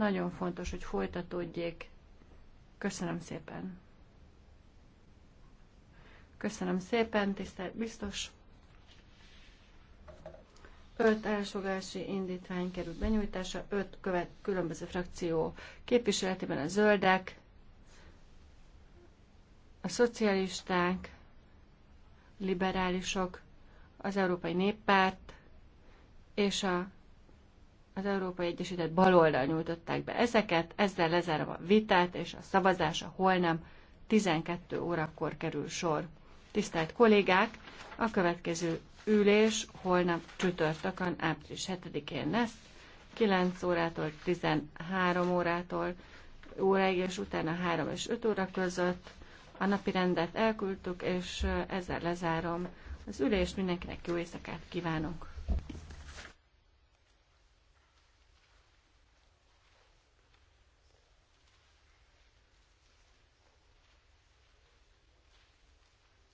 Nagyon fontos, hogy folytatódjék. Köszönöm szépen. Köszönöm szépen, tisztelt biztos. Öt elsogási indítvány került benyújtása, öt követ, különböző frakció képviseletében a zöldek, a szocialisták, liberálisok, az Európai Néppárt és a az Európai Egyesület baloldal nyújtották be ezeket, ezzel lezárva a vitát, és a szavazása holnap 12 órakor kerül sor. Tisztelt kollégák, a következő ülés holnap csütörtökön, április 7-én lesz, 9 órától 13 órától óráig, és utána 3 és 5 óra között. A napi rendet elküldtük, és ezzel lezárom az ülést. Mindenkinek jó éjszakát kívánok!